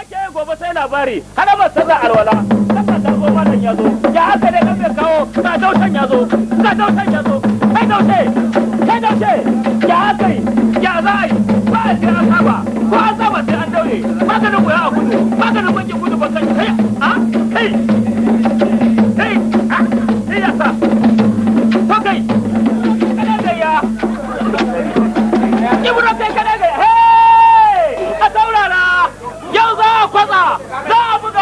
ake yin gobe sai labari hana ba sarra alwala kasan da goma nan ya zo ya haka da kan kawo ka daushen ya zo ga daushen ya zo kai daushe kai daushe ya haka ya za a yi ba a jira an saba ko an saba sai an daure maganin ku ya a gudu maganin ku ke gudu ba kan kai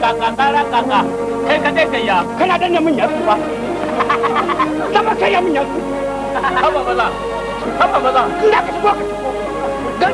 kaka kara kaka kai ka dai ba kama kai ya min yatsu haba maza haba maza ka shigo ka shigo